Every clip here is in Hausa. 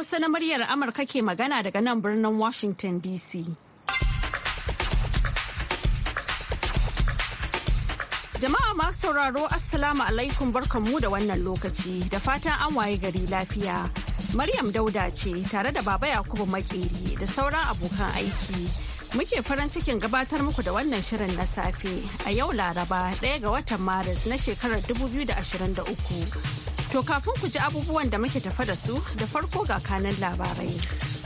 Hausa na muryar Amurka ke magana daga nan birnin Washington DC. Jama'a masu sauraro Assalamu alaikum barkanmu da wannan lokaci da fatan an waye gari lafiya. Maryam Dauda ce tare da Baba Yakubu Makeri da sauran abokan aiki. Muke farin cikin gabatar muku da wannan shirin na safe a yau Laraba ɗaya ga watan Maris na shekarar 2023. To kafin ku ji abubuwan da muke tafa da su da farko ga kanan labarai.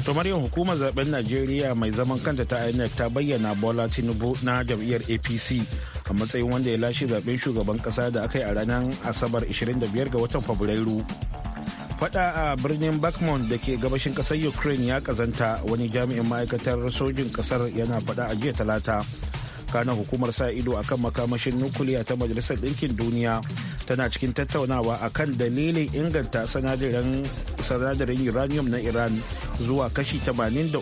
To Maryam hukumar zaben Najeriya mai zaman kanta ta INEC ta bayyana Bola Tinubu na jam'iyyar APC a matsayin wanda ya lashe zaben shugaban kasa da aka yi a ranar Asabar 25 ga watan Fabrairu. Fada a birnin Bakmon da ke gabashin kasar Ukraine ya kazanta wani jami'in ma'aikatar sojin kasar yana fada a jiya talata. tsakanin hukumar sa ido akan makamashin nukuliya ta majalisar ɗinkin duniya tana cikin tattaunawa akan dalilin inganta sanadarin uranium na iran zuwa kashi 83.7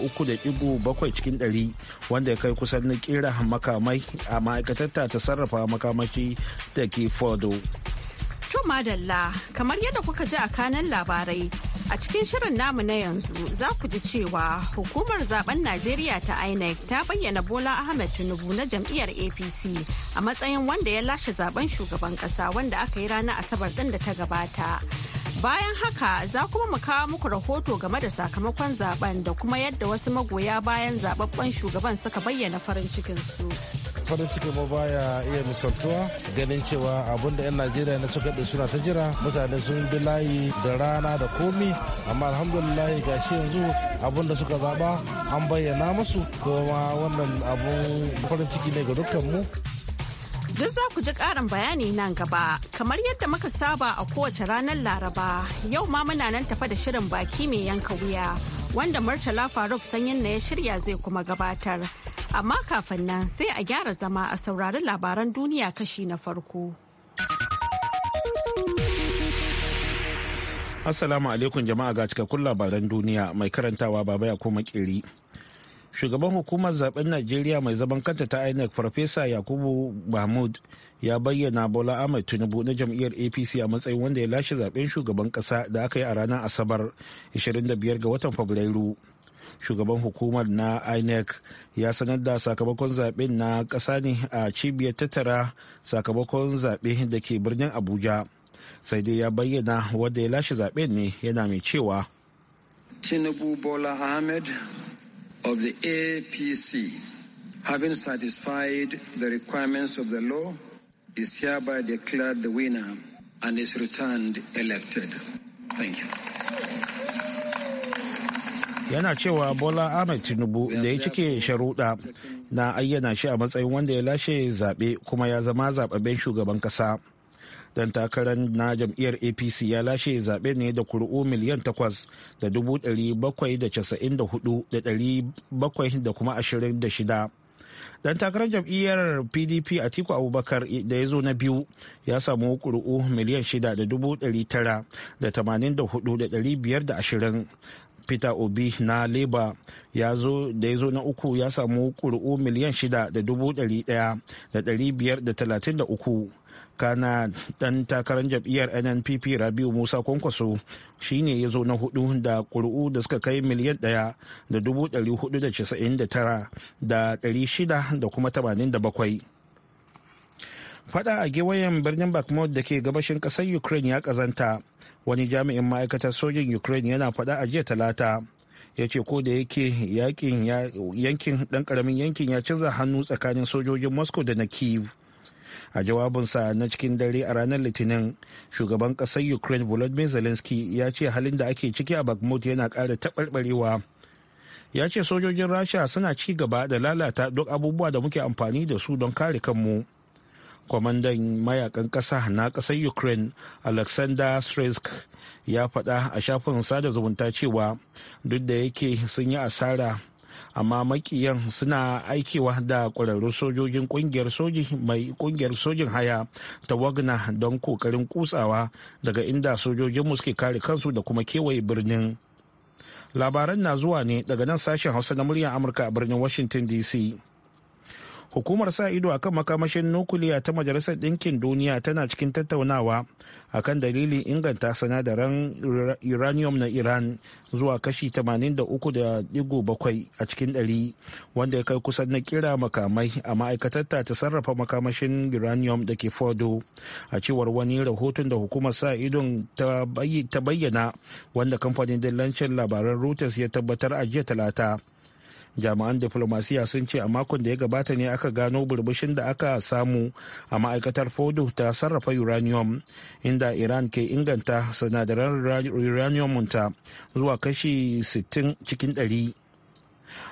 cikin 100 wanda ya kai kusan na kera makamai a ma'aikatar ta sarrafa makamashi da ke fado. To madalla kamar yadda kuka ji a kanan labarai A cikin shirin namu na yanzu za ku ji cewa hukumar zaben Najeriya ta INEC ta bayyana Bola Ahmed Tinubu na jam'iyyar APC a matsayin wanda ya lashe zaben shugaban ƙasa wanda aka yi ranar Asabar ɗin da ta gabata. Bayan haka za kuma mu kawo muku rahoto game da sakamakon zaben da kuma yadda wasu magoya bayan zababben shugaban suka bayyana farin cikinsu. farin ciki ba baya iya misaltuwa ganin cewa abin da 'yan najeriya na suka da suna ta jira mutane sun bi layi da rana da komi amma alhamdulillah ga shi yanzu abin da suka zaba an bayyana musu kuma wannan abun farin ciki ne ga dukkan mu yanzu za ku ji ƙarin bayani nan gaba. Kamar yadda muka saba a kowace ranar Laraba, yau ma muna nan tafa da shirin baki mai yanka wuya, wanda Murtala Faruk sanyin na ya shirya zai kuma gabatar. Amma kafin nan sai a gyara zama a saurari labaran duniya kashi na farko. Assalamu alaikum jama'a ga cikakkun labaran duniya mai karantawa baba ya koma kiri. shugaban hukumar zaben najeriya mai zaman kanta ta inec farfesa yakubu mahmud ya bayyana bola ahmed tinubu na jam'iyyar apc a matsayin wanda ya lashe zaben shugaban kasa da aka yi a ranar asabar 25 ga watan fabrairu shugaban hukumar na inec ya sanar da sakamakon zaben na kasa ne a cibiyar tattara sakamakon zaɓe da ke birnin abuja sai dai ya bayyana wanda ya lashe zaben ne yana mai cewa tinubu bola ahmed of the APC, having satisfied the requirements of the law, is hereby declared the winner and is returned elected. Thank you. Yana cewa Bola Ahmed Tinubu da ya cike sharuɗa na ayyana shi a matsayin wanda ya lashe zaɓe kuma ya zama zaɓaɓɓen shugaban ƙasa. don takarar na jam'iyyar apc ya lashe zaɓe ne da kuri'u miliyan takwas da dubu ɗari bakwai da casa'in da hudu da ɗari bakwai da kuma ashirin da shida dan takarar jam'iyyar pdp atiku abubakar da ya zo na biyu ya samu kuri'u miliyan shida da dubu ɗari tara da tamanin da hudu da ɗari biyar da ashirin peter obi na labour ya zo da ya zo na uku ya samu kuri'u miliyan shida da dubu ɗari ɗaya da ɗari biyar da talatin da uku kana dan takarar jam'iyyar nnpp rabiu musa kwankwaso shine ya zo na hudu da kuri'u da suka kai miliyan daya da dubu ɗari hudu da casa'in da tara da ɗari shida da kuma tamanin da bakwai fada a gewayen birnin bakmod da ke gabashin ƙasar ukraine ya ƙazanta wani jami'in ma'aikatar sojin ukraine yana fada a jiya talata ya ce ko da yake yankin ɗan ƙaramin yankin ya canza hannu tsakanin sojojin moscow da na kiev a jawabinsa na cikin dare a ranar litinin shugaban kasar ukraine volodymyr zelensky ya ce halin da ake ciki a bakhmut yana ƙara taɓarɓarewa ya ce sojojin rasha suna ci gaba da lalata duk abubuwa da muke amfani da su don kare kanmu kwamandan mayakan ƙasa na ƙasar ukraine alexander stresk ya faɗa a shafin sada zumunta cewa duk da yake sun yi asara amma makiyan suna aikewa da ƙwararru sojojin ƙungiyar sojin mai ƙungiyar sojin haya ta wagna don kokarin kutsawa daga inda sojojinmu suke kare kansu da kuma kewaye birnin labaran na zuwa ne daga nan sashen hausa na muryar amurka a birnin washington dc hukumar sa ido akan makamashin nukuliya ta majalisar ɗinkin duniya tana cikin tattaunawa akan dalilin inganta sinadaran uranium na iran zuwa kashi 83.7 a cikin ɗari wanda ya kai kusan na kira makamai a ma'aikatar ta ta sarrafa makamashin uranium da ke fodo a cewar wani rahoton da hukumar sa idon ta bayyana wanda kamfanin dillancin labaran reuters ya tabbatar a jiya talata jami'an diflomasiya sun ce a makon da ya gabata ne aka gano burbushin da aka samu a ma'aikatar fodo ta sarrafa uranium inda iran ke inganta sinadaran uranium ta zuwa kashi 60 cikin 100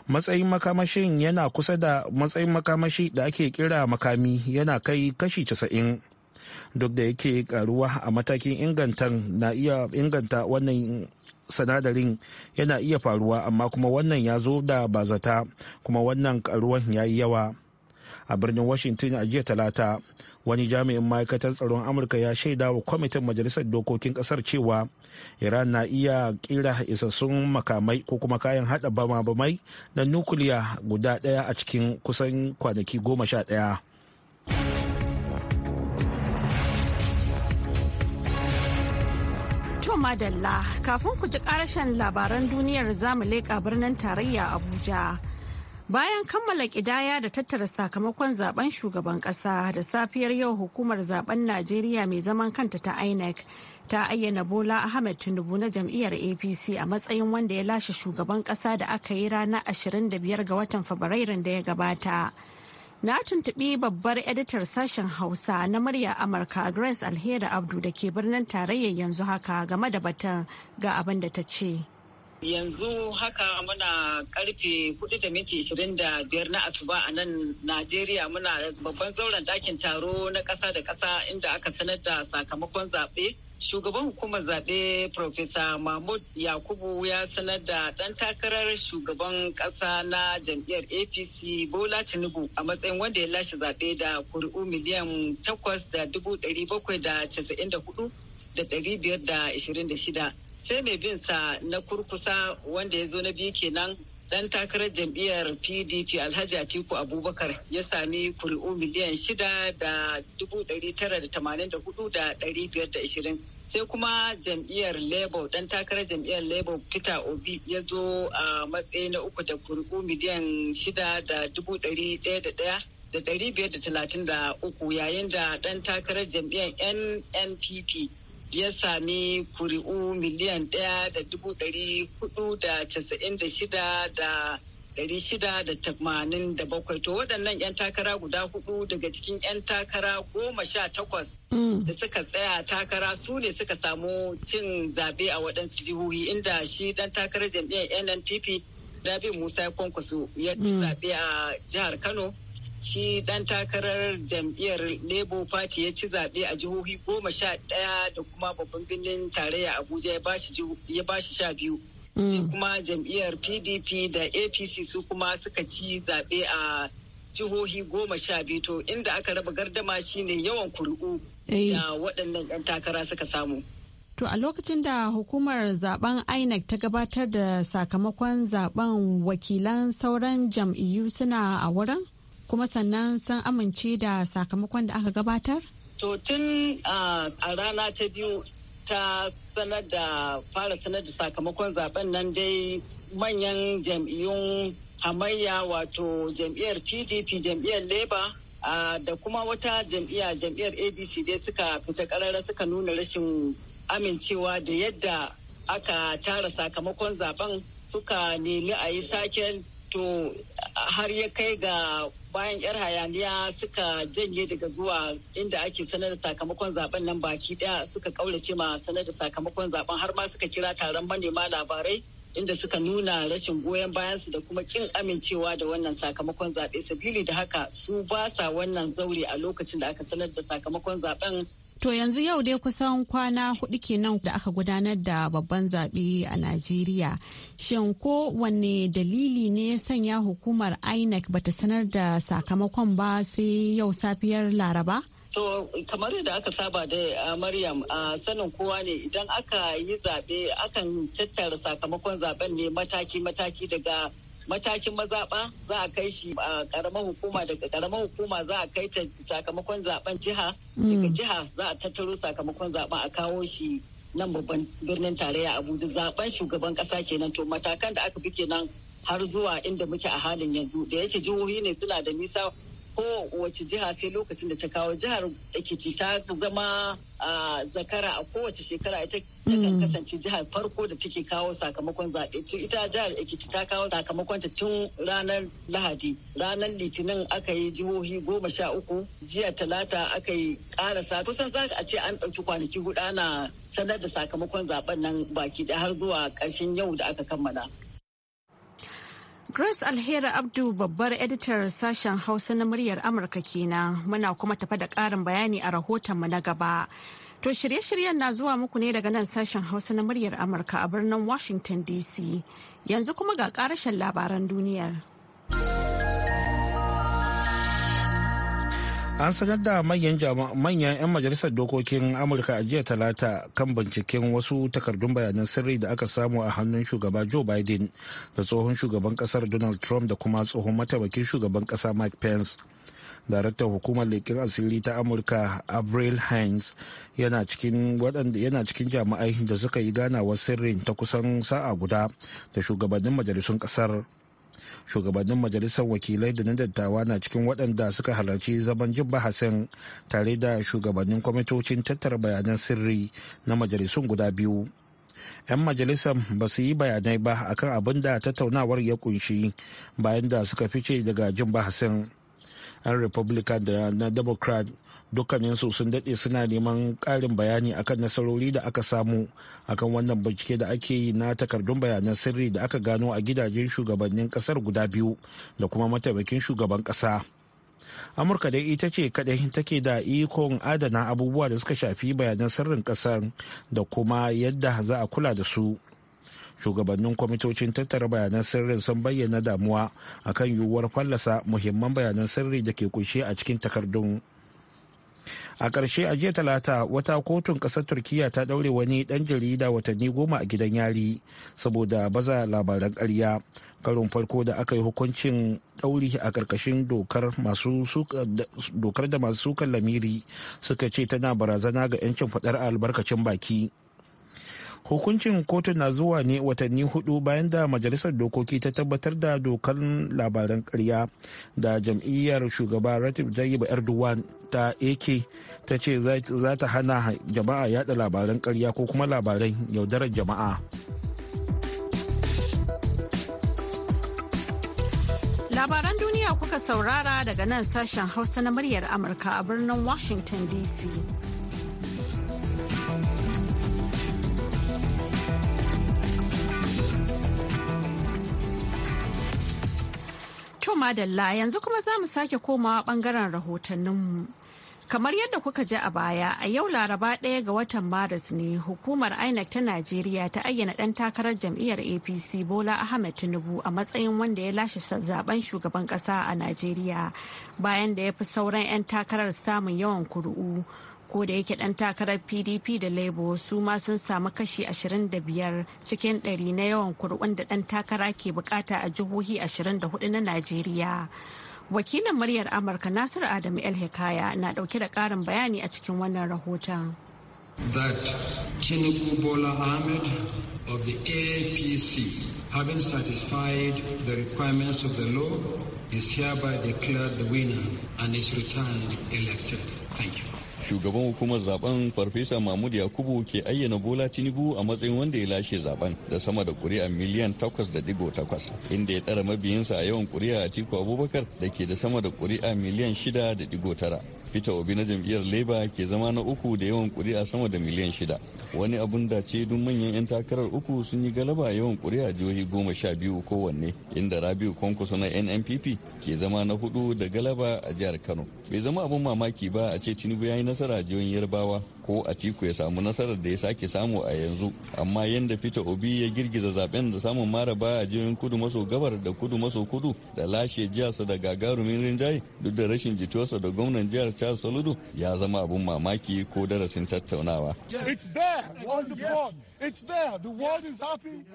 matsayin makamashin yana kusa da matsayin makamashi da ake kira makami yana kai kashi 90 duk da yake karuwa a matakin inganta wannan sanadarin yana iya faruwa amma kuma wannan ya zo da bazata kuma wannan karuwan ya yi yawa a birnin washington a jiya talata wani jami'in ma'aikatar tsaron amurka ya shaida wa kwamitin majalisar dokokin kasar cewa iran na iya kira isassun makamai ko kuma kayan hada bama-bamai na nukuliya guda daya a cikin kusan kwanaki goma sha daya madalla kafin ku ji karashen labaran duniyar zamu leƙa birnin tarayya Abuja. Bayan kammala kidaya da tattara sakamakon zaben shugaban kasa da safiyar yau hukumar zaben Najeriya mai zaman kanta ta INEC ta ayyana Bola Ahmed Tinubu na jam'iyyar APC a matsayin wanda ya lashe shugaban kasa da aka yi ranar 25 ga watan Fabrairun da ya gabata. na tuntuɓi babbar editar sashen hausa na murya amurka grace alheri abdu da ke birnin tarayyar yanzu haka game da batun ga abin da ta ce yanzu haka muna karfe hudu da minti biyar na asuba a nan najeriya muna babban zauren dakin taro na ƙasa da ƙasa inda aka sanar da sakamakon zaɓe shugaban hukumar zaɓe Profesa Mahmud Yakubu ya sanar da ɗan takarar shugaban ƙasa na jam'iyyar APC Bola Tinubu a matsayin wanda ya lashe zaɓe da kuri'u miliyan takwas da dubu ɗari bakwai da casa'in da hudu da ɗari biyar da ishirin da shida. Sai mai bin sa na kurkusa wanda ya zo na biyu kenan dan takarar jam'iyyar pdp alhaji atiku abubakar ya sami kuri'u miliyan shida da dubu ɗari tara da tamanin da hudu da ɗari biyar da ashirin sai kuma jam'iyyar labour dan takarar jam'iyyar labour peter obi ya zo a matsayi na uku da kuri'u miliyan shida da dubu ɗari daya da ɗaya da ɗari biyar da talatin da uku yayin da ɗan takarar jam'iyyar nnpp ya sami kuri'u miliyan ɗaya da dubu ɗari hudu da casa'in da shida da ɗari shida da tamanin da bakwai to waɗannan 'yan takara guda hudu daga cikin 'yan takara goma sha takwas mm. da suka tsaya takara su ne suka samu cin zaɓe a waɗansu jihohi inda shi ɗan takarar jam'iyyar nnpp rabi musa ya kwankwaso ya ci mm. zabe a jihar kano shi dan takarar jam'iyyar labour party ya ci zaɓe a jihohi goma sha ɗaya da kuma babban birnin tarayya abuja ya ba shi sha biyu mm. kuma jam'iyyar pdp da apc su kuma suka ci zaɓe a jihohi goma sha biyu to inda aka raba gardama shine yawan kuri'u eh. da waɗannan 'yan takara suka samu To a lokacin da hukumar zaben INEC ta gabatar da sakamakon zaben wakilan sauran jam'iyyu suna a wurin? kuma sannan san amince da sakamakon da aka gabatar? To tun a rana ta biyu ta sanar da fara sanar da sakamakon zaben nan dai manyan jam'iyyun hamayya wato jam'iyyar pdp jam'iyyar labour da kuma wata jam'iyya jam'iyyar adc dai suka fita karara suka nuna rashin amincewa da yadda aka tara sakamakon zaben suka nemi a yi sake to har ya kai ga bayan yar hayaniya suka janye daga zuwa inda ake sanar da sakamakon zaben nan baki daya suka kaurace ma sanar da sakamakon zaben har ma suka kira taron manema labarai inda suka nuna rashin goyon bayansu da kuma kin amincewa da wannan sakamakon zaɓe sabili da haka su ba sa wannan zaure a lokacin da aka sanar da sakamakon zaben To yanzu yau dai kusan kwana hudu kenan da aka gudanar da babban zaɓe a Najeriya. Shin ko wane dalili ne sanya hukumar INEC bata sanar da sakamakon ba sai yau safiyar Laraba? To kamar yadda aka saba da Maryam a sanin kowa ne idan aka yi zaɓe akan tattara sakamakon zaben ne mataki-mataki daga matakin mazaɓa za a kai shi a ƙaramar hukuma daga ƙaramar hukuma za a kai ta sakamakon zaɓen jiha daga mm. jiha za a tattaro sakamakon zaɓen a kawo shi nan babban birnin tarayya abuja zaɓen shugaban ƙasa kenan to matakan da aka bi kenan har zuwa inda muke a halin yanzu da yake jihohi ne suna da nisa ko wace jiha sai lokacin da ta kawo jihar Ekiti ta zama a zakara a kowace shekara ita kan mm. kasance jihar farko da take kawo sakamakon zaɓe ita jihar Ekiti ta kawo sakamakon ta tun ranar Lahadi ranar Litinin aka yi jihohi goma sha uku jiya Talata aka yi ƙarasa kusan za a ce an ɗauki kwanaki huɗu ana sanar da sakamakon zaɓen nan baki ɗaya har zuwa ƙarshen yau da aka kammala. Grace Alheri Abdu babbar editar sashen Hausa na muryar Amurka kenan muna kuma tafa da ƙarin bayani a rahotonmu na gaba. To shirye-shiryen na zuwa muku ne daga nan sashen Hausa na muryar Amurka a birnin Washington DC. Yanzu kuma ga ƙarashen labaran duniyar. an sanar da manyan 'yan majalisar dokokin amurka a jiya talata kan binciken wasu takardun bayanan sirri da aka samu a hannun shugaba joe biden da tsohon shugaban kasar donald trump da kuma tsohon mataimakin shugaban kasa mike pence daraktan hukumar leƙen asiri ta amurka avril hines yana cikin waɗanda yana cikin jami'ai da suka yi ganawa sirrin ta kusan sa'a guda da shugabannin majalisun ƙasar. shugabannin majalisar wakilai da na dattawa na cikin waɗanda suka halarci zaman jin bahasin tare da shugabannin kwamitocin tattara bayanan sirri na majalisun guda biyu 'yan majalisar ba su yi bayanai ba akan abin da tattaunawar ya kunshi bayan da suka fice daga jin bahasin 'yan republican da na democrat dukkaninsu sun daɗe suna neman ƙarin bayani akan nasarori da aka samu akan wannan bincike da ake yi na takardun bayanan sirri da aka gano a gidajen shugabannin ƙasar guda biyu da kuma mataimakin shugaban ƙasa amurka dai ita ce kadai take da ikon adana abubuwa da suka shafi bayanan sirrin ƙasar da kuma yadda za a kula da su shugabannin kwamitocin tattara bayanan sirrin sun bayyana damuwa akan yiwuwar fallasa muhimman bayanan sirri da ke kunshe a cikin takardun a ƙarshe a jiya talata wata kotun ƙasar turkiya ta ɗaure wani ɗan jarida watanni goma a gidan yari saboda baza labaran karya karon farko da aka yi hukuncin ɗauri a ƙarƙashin dokar da masu sukan lamiri suka ce tana barazana ga 'yancin faɗar albarkacin baki hukuncin kotu na zuwa ne watanni hudu bayan da majalisar dokoki ta tabbatar da dokar labaran karya da jam'iyyar shugaba ratib tayyip erdogan ta ak ta ce za ta hana jama'a yada labaran karya ko kuma labaran yaudarar jama'a labaran duniya kuka saurara daga nan sashen hausa na muryar amurka a birnin washington dc To madalla yanzu kuma za mu sake komawa bangaren rahotanninmu. Kamar yadda kuka ji a baya, a yau Laraba ɗaya ga watan Maris ne hukumar INEC ta Najeriya ta ayyana ɗan takarar jam'iyyar APC Bola Ahmed Tinubu a matsayin wanda ya lashe zaben shugaban ƙasa a Najeriya bayan da ya fi sauran 'yan takarar samun yawan kuru'u. ko da yake ɗan takarar pdp da labour su ma sun samu kashi 25 cikin 100 na yawan kuri'un da ɗan takara ke bukata a jihohi 24 na najeriya wakilin muryar amurka nasiru adamu el hekaya na dauke da karin bayani a cikin wannan rahoton that tinubu bola ahmed of the apc having satisfied the requirements of the law, is hereby declared the winner and is returned elected. Thank you. Shugaban hukumar zaben Farfesa Mahmud Yakubu ke ayyana Bola Tinubu a matsayin wanda ya lashe zaben da sama da kuri'a miliyan da 8.8 inda ya tsara mabiyinsa a yawan kuri'a a Tiku Abubakar da ke da sama da kuri'a miliyan shida da tara. peter obi na jam'iyyar labour ke zama na uku da yawan kuri'a sama da miliyan shida wani abun da ce duk manyan 'yan takarar uku sun yi galaba yawan kuri'a jihohi goma sha biyu kowanne inda rabiu kwankwaso na nnpp ke zama na hudu da galaba a jihar kano bai zama abun mamaki ba a ce tinubu ya yi nasara a jihohin yarbawa ko a ciko ya samu nasarar da ya sake samu a yanzu amma yadda Peter Obi ya girgiza zaben da samun maraba a jihohin kudu maso gabar da kudu maso kudu da lashe jiyarsa da gagarumin rinjaye duk da rashin jituwarsa da gwamnan jihar Charles Soludo ya zama abun mamaki ko darasin tattaunawa.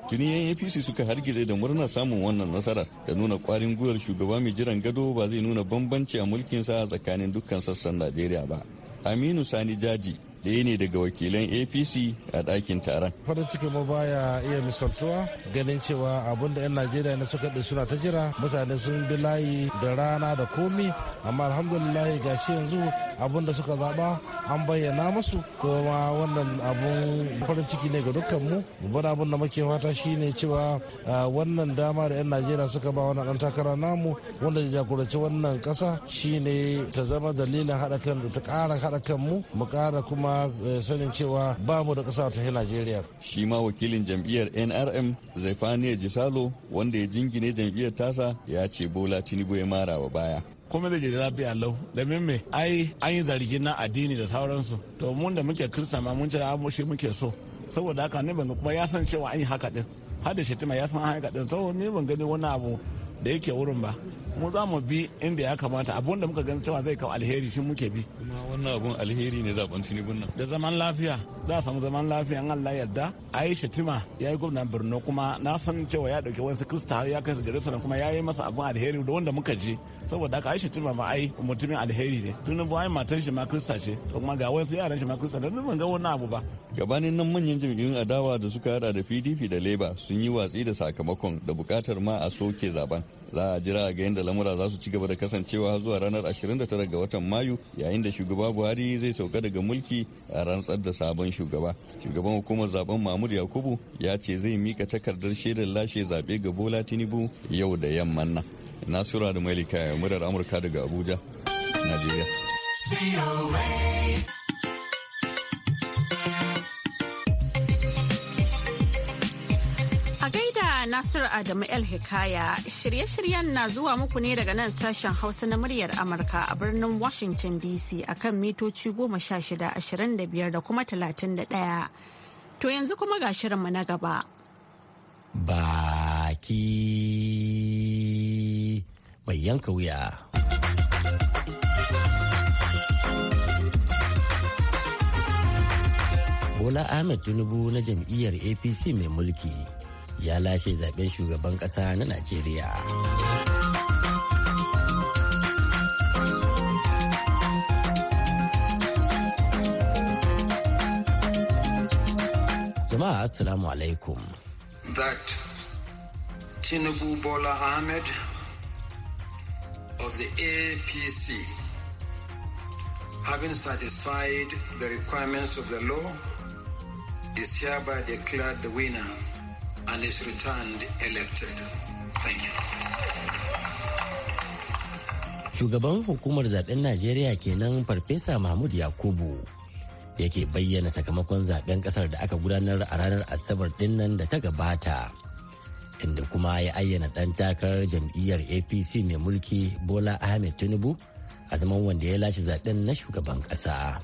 Tuni yan APC suka hargitse da murnar samun wannan nasarar da nuna kwarin gwiwar shugaba mai jiran gado ba zai nuna bambanci a mulkin mulkinsa tsakanin dukkan sassan Najeriya ba. Aminu Sani Jaji ɗaya ne daga wakilan apc a ɗakin taron farin ciki mu baya iya misaltuwa ganin cewa abin da 'yan najeriya na suka ɗi suna ta jira mutane sun bi layi da rana da komi amma alhamdulillah gashi yanzu abin da suka zaɓa an bayyana musu kuma wannan abun farin ciki ne ga dukkan mu babban abin da muke fata shine cewa wannan dama da 'yan najeriya suka ba wannan ɗan takara namu wanda ya jagoranci wannan ƙasa shine ta zama dalilin haɗa kan ta ƙara haɗa kan mu mu ƙara kuma sanin cewa ba mu da ƙasa ta Najeriya. Shi ma wakilin jam'iyyar NRM Zaifaniya Jisalo wanda ya jingine jam'iyyar tasa ya ce Bola Tinubu ya mara wa baya. kuma da jiri lafiya lau da me ai an yi zargin na addini da sauransu to mun da muke kirista ma mun cira ah, shi muke so saboda haka ne ban kuma ya san cewa an yi haka din har da shetima ya san haka din saboda ni ban gani wani abu da yake wurin ba mu za mu bi inda ya kamata abun da muka gani cewa zai kawo alheri shi muke bi kuma wannan abun alheri ne zaben tinubun nan da zaman lafiya za a samu zaman lafiya in Allah yarda Aisha Tima ya yi gwamnan Borno kuma na san cewa ya dauki wasu Kirista har ya kai su gare su kuma ya yi masa abun alheri da wanda muka je saboda haka Aisha Tima ma ai mutumin alheri ne tinubu ai matar shi ma Kirista ce kuma ga wasu yaran shi ma Kirista da ban ga wani abu ba gabanin nan manyan jam'iyyun adawa da suka hada da PDP da Labour sun yi watsi da sakamakon da bukatar ma a soke zaben za a jira ga yadda lamura za su ci gaba da kasancewa zuwa ranar 29 ga watan mayu yayin da shugaba buhari zai sauka daga mulki a rantsar da sabon shugaba shugaban hukumar zaben mahmud yakubu ya ce zai mika takardar shaidar lashe zaɓe ga bola tinubu yau da yamman nan nasura da mailika ya murar amurka daga abuja nigeria. Nasiru Adamu El Hikaya. Shirye-shiryen na zuwa muku ne daga nan sashen Hausa na muryar Amurka a birnin Washington DC a kan mitoci goma sha shida ashirin da kuma talatin To yanzu kuma ga shirinmu na gaba. Baki mai yanka wuya. Bola Ahmed Tinubu na jam'iyyar APC mai mulki. ya lashe zaben shugaban ƙasa na najeriya jama'a assalamu alaikum that tinubu bola ahmed of the apc having satisfied the requirements of the law is hereby declared the winner and is returned elected. Thank you. Shugaban hukumar zaben Najeriya kenan Farfesa Mahmud Yakubu yake bayyana sakamakon zaben kasar da aka gudanar a ranar Asabar dinnan da ta gabata. Inda kuma ya ayyana ɗan takarar jam'iyyar APC mai mulki Bola Ahmed Tinubu a zaman wanda ya lashe zaben na shugaban ƙasa.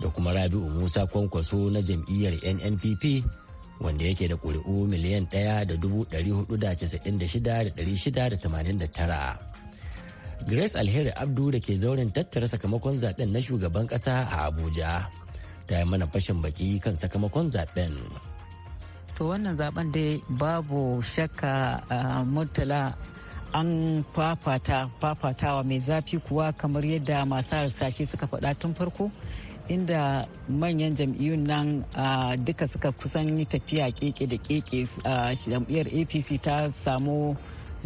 da kuma rabi'u musa kwankwaso na jam'iyyar nnpp wanda yake da ƙuri'u miliyan ɗaya da dubu ɗari hudu da casa'in da shida da ɗari shida da tamanin da tara grace alheri abdu da ke zauren tattara sakamakon zaben na shugaban ƙasa a abuja ta yi mana fashin baki kan sakamakon zaben to wannan zaben dai babu shakka murtala an fafata fafatawa mai zafi kuwa kamar yadda masu harsashe suka faɗa tun farko inda manyan jam'iyyun nan duka suka kusan yi tafiya keke da keke jam'iyyar apc ta samu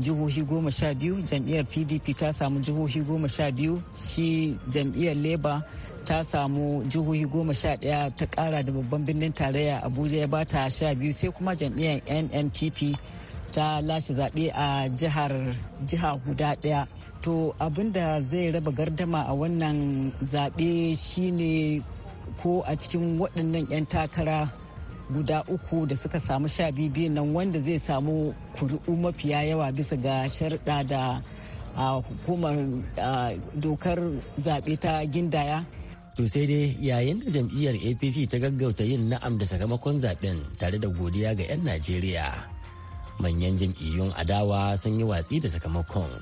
jihohi goma sha biyu jam'iyyar pdp ta samu jihohi goma sha biyu shi jam'iyyar labour ta samu jihohi goma sha daya ta kara da babban birnin tarayya abuja ya ba ta sha biyu sai kuma jam'iyyar nnpp ta lashe zaɓe a jihar jiha guda ɗaya to abinda zai raba gardama a wannan zaɓe shine ko a cikin waɗannan 'yan takara guda uku da suka samu sha biyu nan wanda zai samu kuri'u mafiya yawa bisa ga sharɗa da hukumar dokar zaɓe ta gindaya to sai dai yayin da jam'iyyar apc ta gaggauta yin na'am da sakamakon zaɓen tare da godiya ga 'yan najeriya manyan jam'iyyun adawa sun yi watsi da sakamakon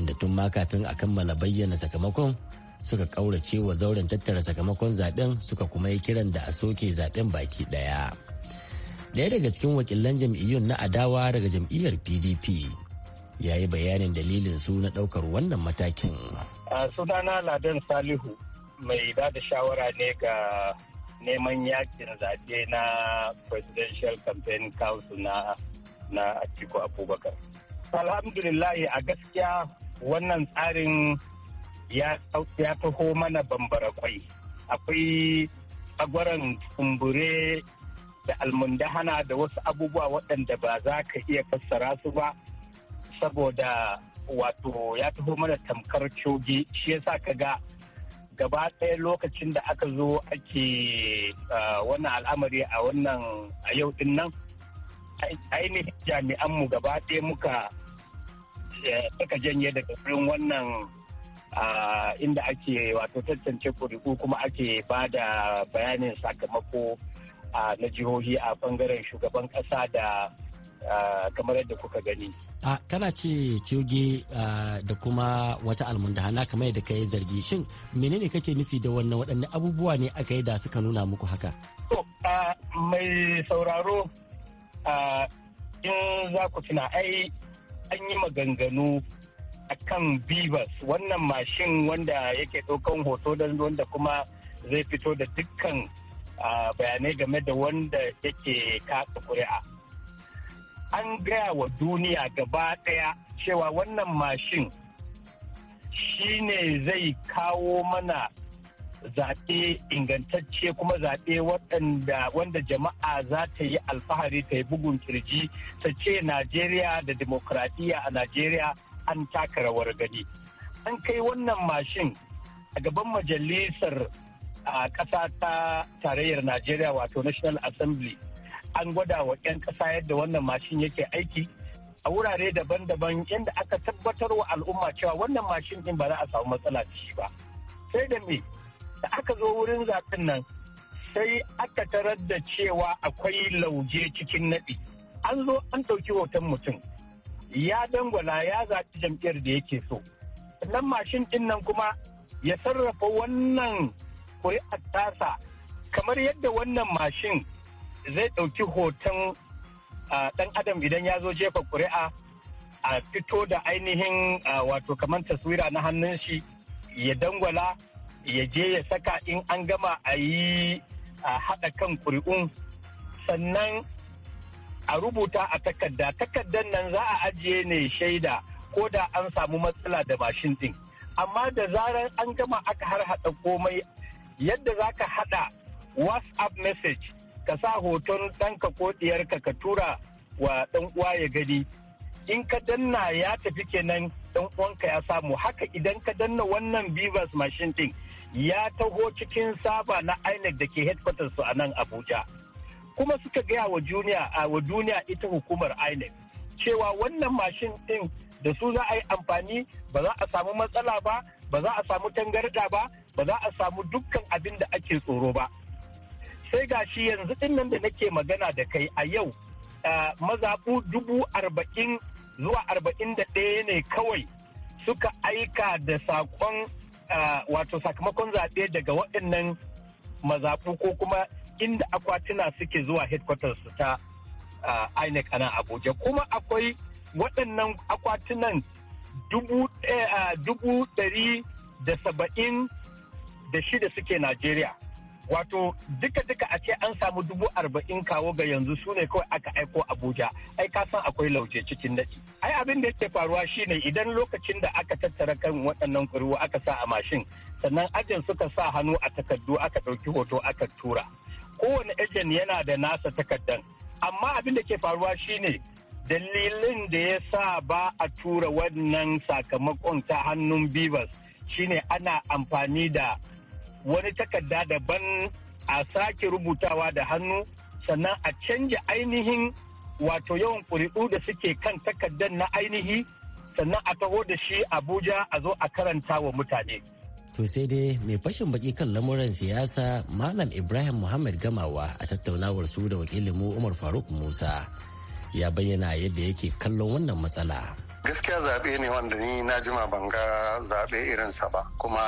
inda tun ma kafin a kammala bayyana sakamakon suka kaurace wa zauren tattara sakamakon zaben suka kuma yi kiran da a soke zaben baki daya daya daga cikin wakilan jam'iyyun na adawa daga jam'iyyar pdp ya yi bayanin dalilin su na daukar wannan matakin sunana ladan salihu mai ba da shawara ne ga neman yakin zaɓe na presidential campaign council na atiku abubakar Alhamdulillah a gaskiya wannan tsarin ya taho mana bambara kwai akwai tsagwaron kumbure da almundahana da wasu abubuwa waɗanda ba za ka iya fassara su ba saboda wato ya taho mana tamkar coge shi yasa ka ga gaba ɗaya lokacin da aka zo ake wannan al'amari a wannan a yau din nan ainihin jami'anmu gaba ɗaya muka saka janye daga wurin wannan inda ake wato tantance kuri'u kuma ake ba da bayanin sakamako na jihohi a bangaren shugaban kasa da kamar yadda kuka gani. A kana ce coge da kuma wata almundahana kamar yadda ka yi zargi shin menene kake nufi da wannan waɗanne abubuwa ne aka yi da suka nuna muku haka? mai sauraro in za ku tuna ai an yi maganganu a kan bivas wannan mashin wanda yake ɗaukan hoto don wanda kuma zai fito da dukkan bayanai game da wanda yake kasa kuri'a an gaya wa duniya gaba ɗaya cewa wannan mashin shi ne zai kawo mana zaɓe ingantacce kuma zaɓe waɗanda wanda jama'a za ta yi alfahari ta yi bugun kirji ta ce najeriya da demokradiyya a najeriya an taka rawar gani an kai wannan mashin a gaban majalisar a ƙasa ta tarayyar najeriya wato national assembly an gwada wa 'yan ƙasa yadda wannan mashin yake aiki a wurare daban-daban yadda aka tabbatar wa al'umma cewa wannan mashin ɗin ba za a samu matsala da shi ba sai da me da aka zo wurin zaɓen nan sai aka tarar da cewa akwai lauje cikin naɗi an zo an ɗauki hoton mutum ya dangwala ya zaɓi jam'iyyar da yake so nan mashin ɗin nan kuma ya sarrafa wannan ƙuri'ar tasa kamar yadda wannan mashin zai ɗauki hoton ɗan adam idan ya zo jefa ƙuri'a a fito da ainihin wato kamar taswira na hannun shi ya dangwala ya je ya saka in an gama a yi a haɗa kan ƙuri'un sannan a rubuta a takarda takardar nan za a ajiye ne shaida ko da an samu matsala da mashin ɗin amma da zarar an gama aka har haɗa komai yadda za ka haɗa whatsapp message ka sa hoton ɗanka ko ɗiyarka ka tura wa ɗan uwa ya gani in ka danna ya tafi kenan dan uwanka ya samu haka idan ka danna wannan bivas machine din ya taho cikin saba na inec da ke headquarters su a nan abuja kuma suka gaya wa duniya a wa duniya ita hukumar inec cewa wannan mashin din da su za a yi amfani ba za a samu matsala ba ba za a samu tangarda ba ba za a samu dukkan abin da ake tsoro ba sai gashi yanzu din nan da nake magana da kai a yau mazaɓu dubu arba'in zuwa arba'in da ɗaya ne kawai suka aika da saƙon wato sakamakon zaɓe daga waɗannan mazaɓu ko kuma inda akwatuna suke zuwa headquarters ta INEC a nan Abuja. Kuma akwai waɗannan akwatunan dubu eh, ɗari da saba'in da shida suke Najeriya. wato duka duka a ce an samu dubu arba'in kawo ga yanzu su ne kawai aka aiko abuja ai ka san akwai lauje cikin daɗi ai abin da yake faruwa shine idan lokacin da aka tattara kan waɗannan kuruwa aka sa a mashin sannan ajin suka sa hannu a takardu aka ɗauki hoto aka tura kowane ejen yana da nasa takardan amma abin da ke faruwa shine dalilin da ya sa ba a tura wannan sakamakon ta hannun bivas shine ana amfani da wani takarda daban a sake rubutawa da hannu sannan a canja ainihin wato yawan ƙuri'u da suke kan takardar na ainihi sannan a taho da shi abuja a zo a karanta wa mutane. To sai dai mai fashin baki kan lamuran siyasa Malam Ibrahim Muhammad Gamawa a tattaunawar su da wakilin mu Umar Faruk Musa ya bayyana yadda yake kallon wannan matsala. gaskiya zaɓe ne wanda ni na jima ban ga zaɓe irinsa ba kuma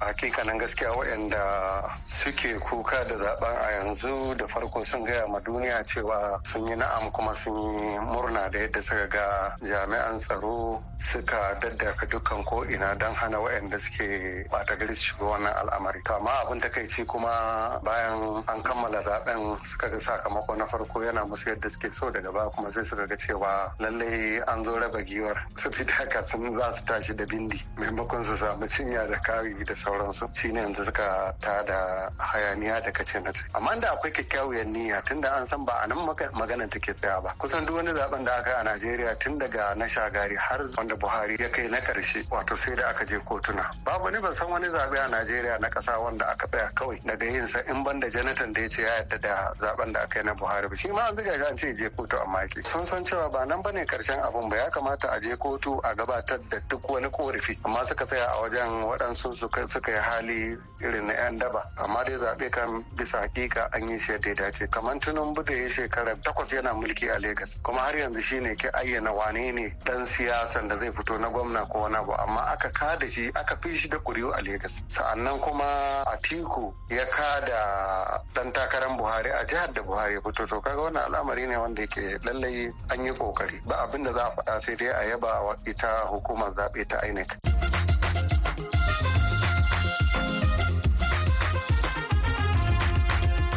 hakikanin gaskiya waɗanda suke kuka da zaɓen a yanzu da farko sun gaya ma duniya cewa sun yi na'am kuma sun yi murna da yadda suka ga jami'an tsaro suka daddaka dukkan ko ina don hana waɗanda suke bata gari su shiga wannan al'amari to amma abin takaici kuma bayan an kammala zaɓen suka ga sakamako na farko yana musu yadda suke so daga ba kuma sai suka ga cewa lallai an zo raba giwa gwiwar saboda haka sun za su tashi da bindi maimakon su samu cinya da kari da sauransu ne yanzu suka ta da hayaniya da kace na ce amma da akwai kyakkyawar niyya tunda an san ba a nan maganar take tsaya ba kusan duk wani zaben da aka yi a Najeriya tun daga na shagari har wanda Buhari ya kai na karshe wato sai da aka je kotuna babu ni ban san wani zabe a Najeriya na kasa wanda aka tsaya kawai daga yin sa in banda Jonathan da ya ce ya yadda da zaben da aka yi na Buhari ba shi ma an zuga shi an ce je kotu amma yake sun san cewa ba nan bane karshen abin ba ya kamata a je kotu a gabatar da duk wani korafi amma suka tsaya a wajen waɗansu suka yi hali irin na 'yan daba amma dai zaɓe kan bisa hakika an yi shi ya dace kamar tinubu bude ya shekara takwas yana mulki a Legas kuma har yanzu shine ke ayyana wane ne dan siyasan da zai fito na gwamna ko wani abu amma aka kada shi aka fi shi da kuriyu a Legas sa'annan kuma Atiku ya kada dan takarar Buhari a jihar da Buhari ya fito to kaga wani al'amari ne wanda yake lallai an yi kokari ba abin da za a faɗa sai dai a a yaba ita hukumar zaɓe ta INEC.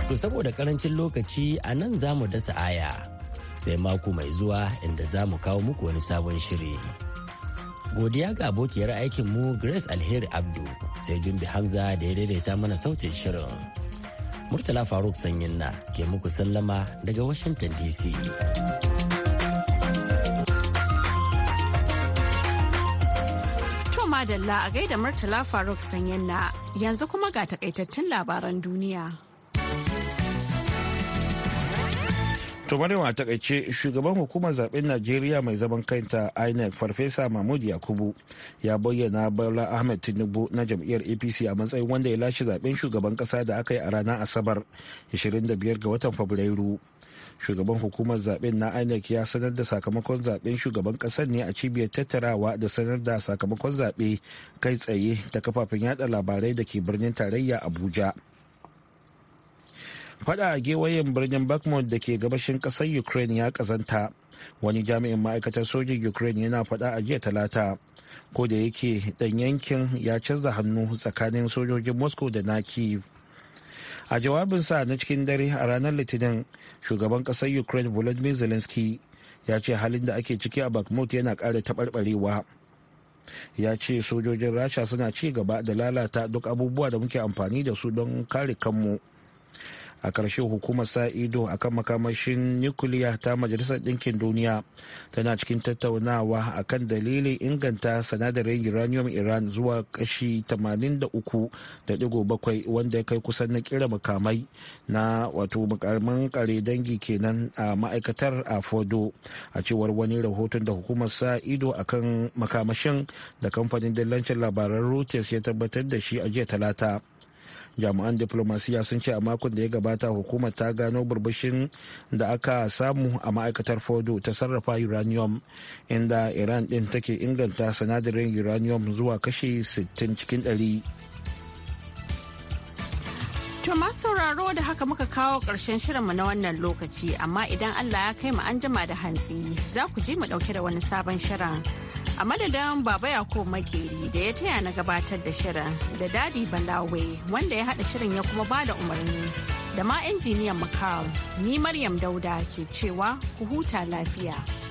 To saboda karancin lokaci a nan za mu dasa aya sai mako mai zuwa inda za mu kawo muku wani sabon shiri. Godiya ga abokiyar aikinmu Grace Alheri Abdu sai Jumbi Hamza da ya daidaita mana sautin shirin. Murtala Faruk Sanyin na ke muku sallama daga Washington DC. madalla a gaida Murtala Faruk Sanyanna yanzu kuma ga takaitattun labaran duniya. To a takaice shugaban hukumar zaben Najeriya mai zaman kanta INEC Farfesa Mahmud Yakubu ya bayyana Bola Ahmed Tinubu na jam'iyyar APC a matsayin wanda ya lashe zaben shugaban kasa da aka yi a ranar Asabar 25 ga watan Fabrairu. shugaban hukumar zaben na inec ya sanar da sakamakon zaben shugaban kasar ne a cibiyar tattarawa da sanar da sakamakon zaɓe kai tsaye ta kafafen yada labarai da ke birnin tarayya abuja fada a gewayen birnin bakmont da ke gabashin kasar ukraine ya kazanta wani jami'in ma'aikatar sojin ukraine yana fada a jiya talata ko da yake dan yankin ya canza hannu tsakanin sojojin moscow da na kiev a jawabinsa na cikin dare a ranar litinin shugaban kasar ukraine volodymyr zelensky ya ce halin da ake ciki a bakhmut yana ƙara taɓarɓarewa ya ce sojojin rasha suna ci gaba da lalata duk abubuwa da muke amfani da su don kare kanmu a ƙarshe hukumar sa ido akan makamashin nukiliya ta majalisar ɗinkin duniya tana cikin tattaunawa akan dalilin inganta sanadarin uranium iran zuwa kashi 83.7 wanda ya kai kusan na kira makamai na wato mukamman kare dangi kenan a ma'aikatar a fodo a cewar wani rahoton da hukumar sa ido akan makamashin da kamfanin dillancin labaran reuters ya tabbatar da shi a jiya talata jami'an diplomasiya sun ce a makon da ya gabata hukumar ta gano burbushin da aka samu a ma'aikatar fodo ta sarrafa uranium inda iran din take inganta sinadarin uranium zuwa kashe 60 cikin 100 To masu sauraro da haka muka kawo ƙarshen shirinmu na wannan lokaci amma idan Allah ya kai mu an da hantsi za ku ji mu ɗauke da wani sabon shirin. A madadin Baba Yakubu Makeri da ya taya na gabatar da shirin da Dadi Balawe wanda ya haɗa shirin ya kuma bada umarni da ma injiniyan Macau ni Maryam Dauda ke cewa ku huta lafiya.